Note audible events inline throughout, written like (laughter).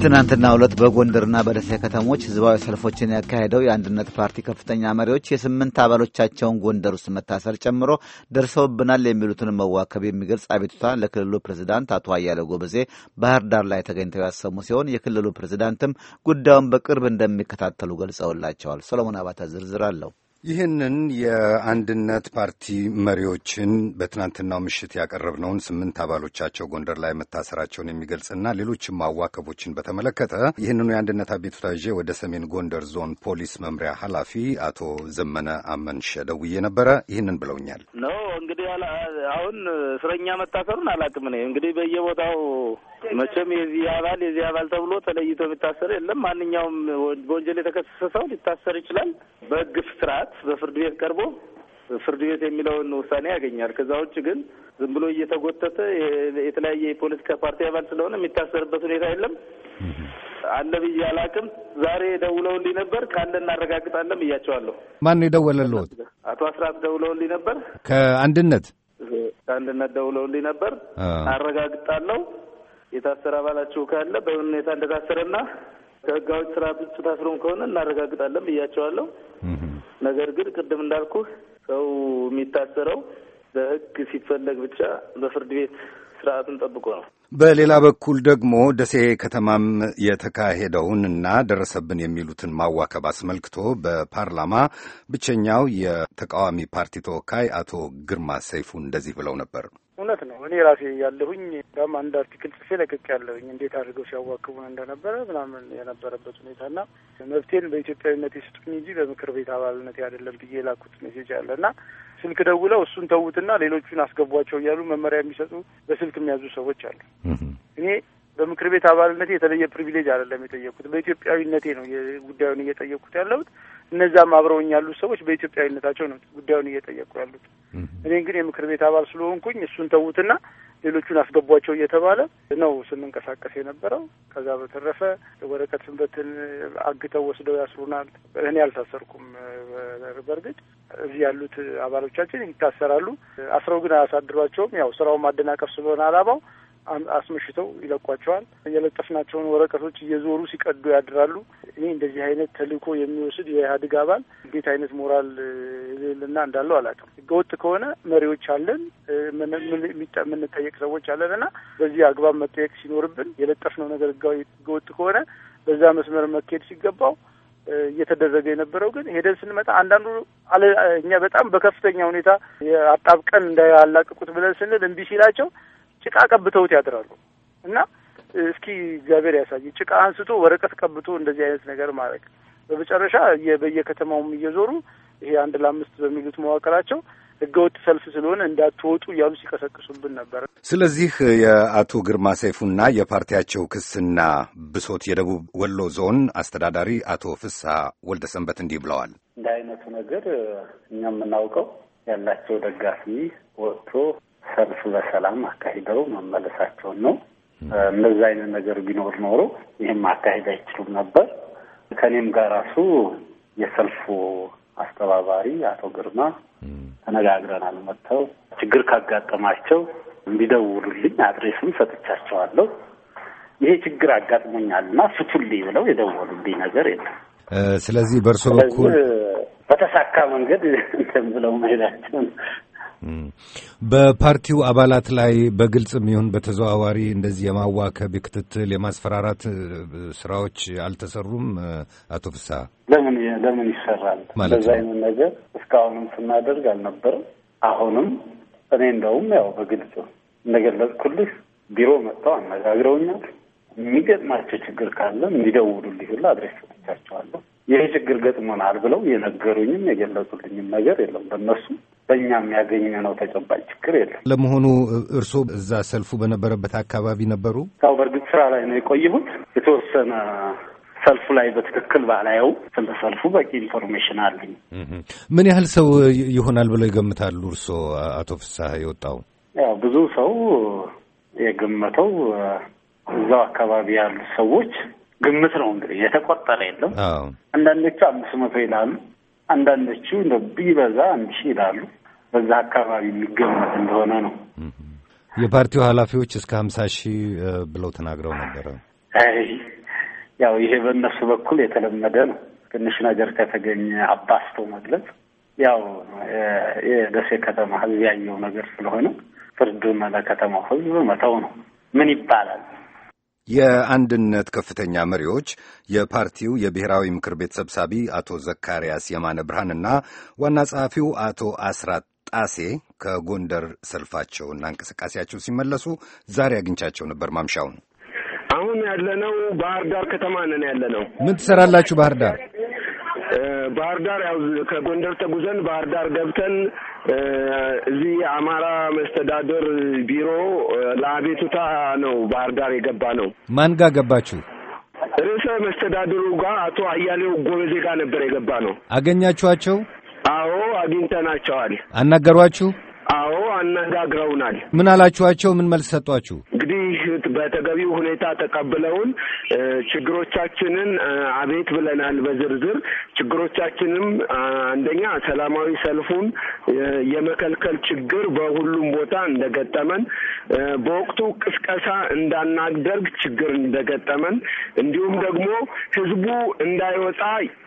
በትናንትና ዕለት በጎንደርና በደሴ ከተሞች ህዝባዊ ሰልፎችን ያካሄደው የአንድነት ፓርቲ ከፍተኛ መሪዎች የስምንት አባሎቻቸውን ጎንደር ውስጥ መታሰር ጨምሮ ደርሰውብናል የሚሉትን መዋከብ የሚገልጽ አቤቱታ ለክልሉ ፕሬዚዳንት አቶ አያሌው ጎበዜ ባህር ዳር ላይ ተገኝተው ያሰሙ ሲሆን የክልሉ ፕሬዚዳንትም ጉዳዩን በቅርብ እንደሚከታተሉ ገልጸውላቸዋል። ሰሎሞን አባተ ዝርዝር አለው። ይህንን የአንድነት ፓርቲ መሪዎችን በትናንትናው ምሽት ያቀረብነውን ስምንት አባሎቻቸው ጎንደር ላይ መታሰራቸውን የሚገልጽና ሌሎችም አዋከቦችን በተመለከተ ይህንኑ የአንድነት አቤቱታ ይዤ ወደ ሰሜን ጎንደር ዞን ፖሊስ መምሪያ ኃላፊ አቶ ዘመነ አመንሸ ደውዬ ነበረ። ይህንን ብለውኛል። ኖ እንግዲህ አሁን እስረኛ መታሰሩን አላቅም እኔ እንግዲህ በየቦታው መቼም የዚህ አባል የዚህ አባል ተብሎ ተለይቶ የሚታሰር የለም። ማንኛውም በወንጀል የተከሰሰ ሰው ሊታሰር ይችላል በህግ ስርዓት ጥቃት በፍርድ ቤት ቀርቦ ፍርድ ቤት የሚለውን ውሳኔ ያገኛል። ከዛ ውጭ ግን ዝም ብሎ እየተጎተተ የተለያየ የፖለቲካ ፓርቲ አባል ስለሆነ የሚታሰርበት ሁኔታ የለም። አለ ብዬ አላቅም። ዛሬ ደውለውልኝ ነበር፣ ካለ እናረጋግጣለን ብያቸዋለሁ። ማን የደወለልዎት? አቶ አስራት ደውለውልኝ ነበር፣ ከአንድነት ከአንድነት ደውለውልኝ ነበር። አረጋግጣለሁ የታሰረ አባላችሁ ካለ በምን ሁኔታ እንደታሰረና ከህጋዊ ስራ ብጭ ታስሮም ከሆነ እናረጋግጣለን ብያቸዋለሁ። ነገር ግን ቅድም እንዳልኩ ሰው የሚታሰረው በህግ ሲፈለግ ብቻ በፍርድ ቤት ስርዓቱን ጠብቆ ነው። በሌላ በኩል ደግሞ ደሴ ከተማም የተካሄደውን እና ደረሰብን የሚሉትን ማዋከብ አስመልክቶ በፓርላማ ብቸኛው የተቃዋሚ ፓርቲ ተወካይ አቶ ግርማ ሰይፉ እንደዚህ ብለው ነበር። እውነት ነው። እኔ ራሴ ያለሁኝ ም አንድ አርቲክል ጽፌ ለቅቅ ያለሁኝ እንዴት አድርገው ሲያዋክቡን እንደነበረ ምናምን የነበረበት ሁኔታና መብቴን በኢትዮጵያዊነት የስጡኝ እንጂ በምክር ቤት አባልነት አይደለም ብዬ የላኩት ሜሴጅ አለ እና ስልክ ደውለው እሱን ተዉትና ሌሎቹን አስገቧቸው እያሉ መመሪያ የሚሰጡ በስልክ የሚያዙ ሰዎች አሉ። እኔ በምክር ቤት አባልነቴ የተለየ ፕሪቪሌጅ አይደለም የጠየቁት፣ በኢትዮጵያዊነቴ ነው ጉዳዩን እየጠየቁት ያለሁት እነዛም አብረውኝ ያሉት ሰዎች በኢትዮጵያዊነታቸው ነው ጉዳዩን እየጠየቁ ያሉት። እኔ ግን የምክር ቤት አባል ስለሆንኩኝ እሱን ተዉትና ሌሎቹን አስገቧቸው እየተባለ ነው ስንንቀሳቀስ የነበረው። ከዛ በተረፈ ወረቀት ስንበትን አግተው ወስደው ያስሩናል። እኔ አልታሰርኩም። በእርግጥ እዚህ ያሉት አባሎቻችን ይታሰራሉ። አስረው ግን አያሳድሯቸውም። ያው ስራውን ማደናቀፍ ስለሆነ አላማው አስመሽተው ይለቋቸዋል። የለጠፍናቸውን ወረቀቶች እየዞሩ ሲቀዱ ያድራሉ። እኔ እንደዚህ አይነት ተልዕኮ የሚወስድ የኢህአዴግ አባል እንዴት አይነት ሞራል ልና እንዳለው አላውቅም። ህገወጥ ከሆነ መሪዎች አለን፣ የምንጠየቅ ሰዎች አለን እና በዚህ አግባብ መጠየቅ ሲኖርብን የለጠፍነው ነገር ህገወጥ ከሆነ በዛ መስመር መካሄድ ሲገባው እየተደረገ የነበረው ግን ሄደን ስንመጣ አንዳንዱ እኛ በጣም በከፍተኛ ሁኔታ አጣብቀን እንዳያላቅቁት ብለን ስንል እምቢ ሲላቸው ጭቃ ቀብተውት ያድራሉ እና እስኪ እግዚአብሔር ያሳይ። ጭቃ አንስቶ ወረቀት ቀብቶ እንደዚህ አይነት ነገር ማድረግ በመጨረሻ የበየከተማውም እየዞሩ ይሄ አንድ ለአምስት በሚሉት መዋቅራቸው ህገወጥ ሰልፍ ስለሆነ እንዳትወጡ እያሉ ሲቀሰቅሱብን ነበር። ስለዚህ የአቶ ግርማ ሰይፉና የፓርቲያቸው ክስና ብሶት የደቡብ ወሎ ዞን አስተዳዳሪ አቶ ፍስሐ ወልደ ሰንበት እንዲህ ብለዋል። እንደ አይነቱ ነገር እኛ የምናውቀው ያላቸው ደጋፊ ወጥቶ ሰልፍ በሰላም አካሂደው መመለሳቸውን ነው። እንደዚህ አይነት ነገር ቢኖር ኖሮ ይህም ማካሄድ አይችሉም ነበር። ከእኔም ጋር ራሱ የሰልፉ አስተባባሪ አቶ ግርማ ተነጋግረናል። መጥተው ችግር ካጋጠማቸው እንዲደውሉልኝ አድሬስም ሰጥቻቸዋለሁ። ይሄ ችግር አጋጥሞኛል እና ፍቱልኝ ብለው የደወሉልኝ ነገር የለም። ስለዚህ በእርሶ በኩል በተሳካ መንገድ (laughs) እንትን ብለው መሄዳቸውን በፓርቲው አባላት ላይ በግልጽም ይሁን በተዘዋዋሪ እንደዚህ የማዋከብ የክትትል፣ የማስፈራራት ስራዎች አልተሰሩም። አቶ ፍስሐ ለምን ለምን ይሰራል? በዛ አይነት ነገር እስካሁንም ስናደርግ አልነበርም። አሁንም እኔ እንደውም ያው በግልጽ እንደገለጽኩልህ ቢሮ መጥተው አነጋግረውኛል። የሚገጥማቸው ችግር ካለ የሚደውሉልኝ ሁላ አድሬስ ሰጥቻቸዋለሁ። ይህ ችግር ገጥሞናል ብለው የነገሩኝም የገለጹልኝም ነገር የለም በእነሱ በእኛ ነው ተጨባጭ ችግር የለም። ለመሆኑ እርስዎ እዛ ሰልፉ በነበረበት አካባቢ ነበሩ? ያው በእርግጥ ስራ ላይ ነው የቆየሁት የተወሰነ ሰልፉ ላይ በትክክል ባላየው ስለ ሰልፉ በቂ ኢንፎርሜሽን አለኝ። ምን ያህል ሰው ይሆናል ብለው ይገምታሉ እርስዎ? አቶ ፍስሐ የወጣው ያው ብዙ ሰው የገመተው እዛው አካባቢ ያሉ ሰዎች ግምት ነው እንግዲህ የተቆጠረ የለም። አንዳንዶቹ አምስት መቶ ይላሉ፣ አንዳንዶቹ እንደ ቢበዛ አንድ ሺህ ይላሉ። በዛ አካባቢ የሚገመት እንደሆነ ነው። የፓርቲው ኃላፊዎች እስከ ሀምሳ ሺህ ብለው ተናግረው ነበረ። ያው ይሄ በእነሱ በኩል የተለመደ ነው። ትንሽ ነገር ከተገኘ አባስቶ መግለጽ ያው የደሴ ከተማ ሕዝብ ያየው ነገር ስለሆነ ፍርዱን ለከተማው ሕዝብ መተው ነው። ምን ይባላል? የአንድነት ከፍተኛ መሪዎች የፓርቲው የብሔራዊ ምክር ቤት ሰብሳቢ አቶ ዘካርያስ የማነ ብርሃንና ዋና ጸሐፊው አቶ አስራት ጣሴ ከጎንደር ሰልፋቸውና እንቅስቃሴያቸው ሲመለሱ ዛሬ አግኝቻቸው ነበር። ማምሻውን አሁን ያለነው ባህር ዳር ከተማ ነን ያለነው። ምን ትሰራላችሁ ባህር ዳር? ባህር ዳር ያው ከጎንደር ተጉዘን ባህር ዳር ገብተን እዚህ የአማራ መስተዳደር ቢሮ ለአቤቱታ ነው ባህር ዳር የገባ ነው። ማን ጋር ገባችሁ? ርዕሰ መስተዳድሩ ጋር አቶ አያሌው ጎበዜ ጋር ነበር የገባ ነው። አገኛችኋቸው? አዎ አግኝተናቸዋል። አናገሯችሁ? አዎ አነጋግረውናል። ምን አላችኋቸው? ምን መልስ ሰጧችሁ? እንግዲህ በተገቢው ሁኔታ ተቀብለውን ችግሮቻችንን አቤት ብለናል በዝርዝር ችግሮቻችንም አንደኛ ሰላማዊ ሰልፉን የመከልከል ችግር በሁሉም ቦታ እንደገጠመን፣ በወቅቱ ቅስቀሳ እንዳናደርግ ችግር እንደገጠመን፣ እንዲሁም ደግሞ ህዝቡ እንዳይወጣ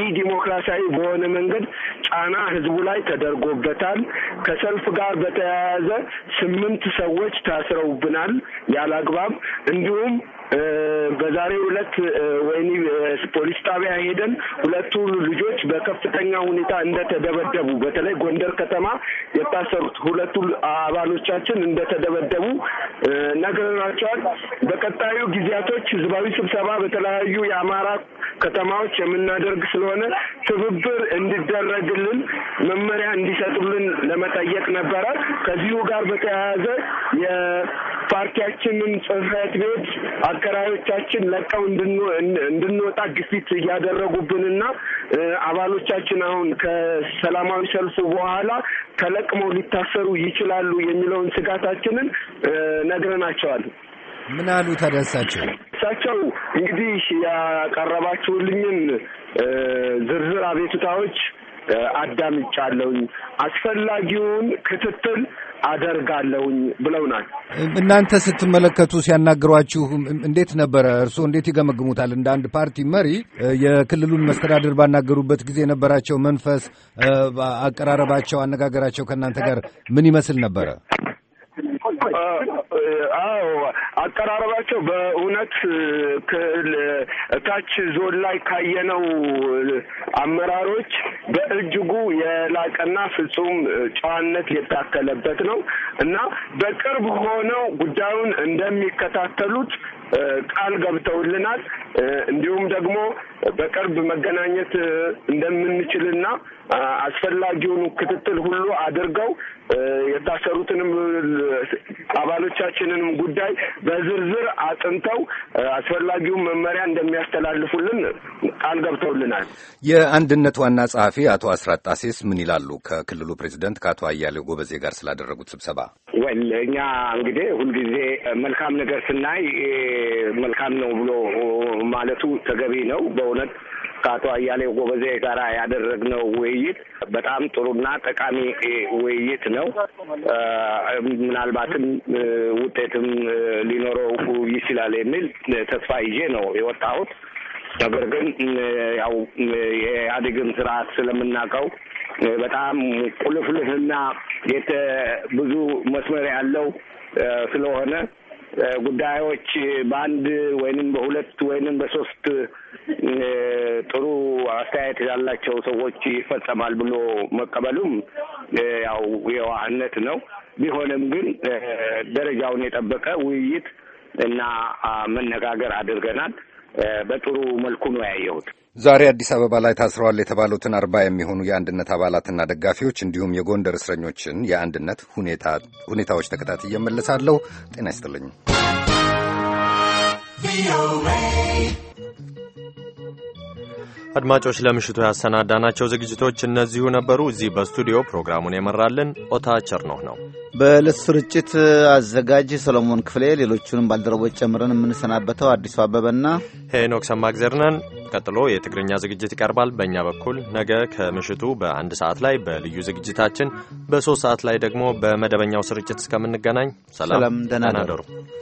ኢ ዲሞክራሲያዊ በሆነ መንገድ ጫና ህዝቡ ላይ ተደርጎበታል። ከሰልፍ ጋር በተያያዘ በተያያዘ ስምንት ሰዎች ታስረውብናል ያለ አግባብ እንዲሁም በዛሬው ሁለት ወይኒ ፖሊስ ጣቢያ ሄደን ሁለቱ ልጆች በከፍተኛ ሁኔታ እንደተደበደቡ በተለይ ጎንደር ከተማ የታሰሩት ሁለቱ አባሎቻችን እንደተደበደቡ ነግረናቸዋል። በቀጣዩ ጊዜያቶች ህዝባዊ ስብሰባ በተለያዩ የአማራ ከተማዎች የምናደርግ ስለሆነ ትብብር እንዲደረግልን መመሪያ እንዲሰጡልን ለመጠየቅ ነበረ። ከዚሁ ጋር በተያያዘ የፓርቲያችንን ጽህፈት ቤት አከራዮቻችን ለቀው እንድንወጣ ግፊት እያደረጉብንና አባሎቻችን አሁን ከሰላማዊ ሰልፉ በኋላ ተለቅመው ሊታሰሩ ይችላሉ የሚለውን ስጋታችንን ነግረናቸዋል። ምን አሉ ታዲያ እሳቸው? እሳቸው እንግዲህ ያቀረባችሁልኝን ዝርዝር አቤቱታዎች አዳምጫለሁኝ። አስፈላጊውን ክትትል አደርጋለሁኝ ብለውናል። እናንተ ስትመለከቱ ሲያናግሯችሁ እንዴት ነበረ? እርስዎ እንዴት ይገመግሙታል? እንደ አንድ ፓርቲ መሪ የክልሉን መስተዳድር ባናገሩበት ጊዜ የነበራቸው መንፈስ፣ አቀራረባቸው፣ አነጋገራቸው ከእናንተ ጋር ምን ይመስል ነበረ? አዎ አቀራረባቸው በእውነት ታች ዞን ላይ ካየነው አመራሮች በእጅጉ የላቀና ፍጹም ጨዋነት የታከለበት ነው እና በቅርብ ሆነው ጉዳዩን እንደሚከታተሉት ቃል ገብተውልናል። እንዲሁም ደግሞ በቅርብ መገናኘት እንደምንችልና አስፈላጊውን ክትትል ሁሉ አድርገው የታሰሩትንም አባሎቻችንንም ጉዳይ በዝርዝር አጥንተው አስፈላጊውን መመሪያ እንደሚያስተላልፉልን ቃል ገብተውልናል። የአንድነት ዋና ጸሐፊ አቶ አስራት ጣሴስ ምን ይላሉ? ከክልሉ ፕሬዚደንት ከአቶ አያሌው ጎበዜ ጋር ስላደረጉት ስብሰባ ወል እኛ እንግዲህ ሁልጊዜ መልካም ነገር ስናይ መልካም ነው ብሎ ማለቱ ተገቢ ነው። በእውነት ከአቶ አያሌው ጎበዜ ጋር ያደረግነው ውይይት በጣም ጥሩና ጠቃሚ ውይይት ነው። ምናልባትም ውጤትም ሊኖረው ይችላል የሚል ተስፋ ይዤ ነው የወጣሁት። ነገር ግን ያው የኢህአዴግን ስርዓት ስለምናውቀው በጣም ቁልፍልፍና የተ ብዙ መስመር ያለው ስለሆነ ጉዳዮች በአንድ ወይንም በሁለት ወይንም በሶስት ጥሩ አስተያየት ያላቸው ሰዎች ይፈጸማል ብሎ መቀበሉም ያው የዋህነት ነው። ቢሆንም ግን ደረጃውን የጠበቀ ውይይት እና መነጋገር አድርገናል። በጥሩ መልኩ ነው ያየሁት። ዛሬ አዲስ አበባ ላይ ታስረዋል የተባሉትን አርባ የሚሆኑ የአንድነት አባላትና ደጋፊዎች እንዲሁም የጎንደር እስረኞችን የአንድነት ሁኔታዎች ተከታትዬ እመለሳለሁ። ጤና ይስጥልኝ። አድማጮች ለምሽቱ ያሰናዳናቸው ዝግጅቶች እነዚሁ ነበሩ። እዚህ በስቱዲዮ ፕሮግራሙን የመራልን ኦታ ቸርኖህ ነው። በዕለት ስርጭት አዘጋጅ ሰሎሞን ክፍሌ፣ ሌሎቹንም ባልደረቦች ጨምረን የምንሰናበተው አዲሱ አበበና ሄኖክ ሰማግዘርነን። ቀጥሎ የትግርኛ ዝግጅት ይቀርባል። በእኛ በኩል ነገ ከምሽቱ በአንድ ሰዓት ላይ በልዩ ዝግጅታችን፣ በሶስት ሰዓት ላይ ደግሞ በመደበኛው ስርጭት እስከምንገናኝ ሰላም፣ ደህና ደሩ።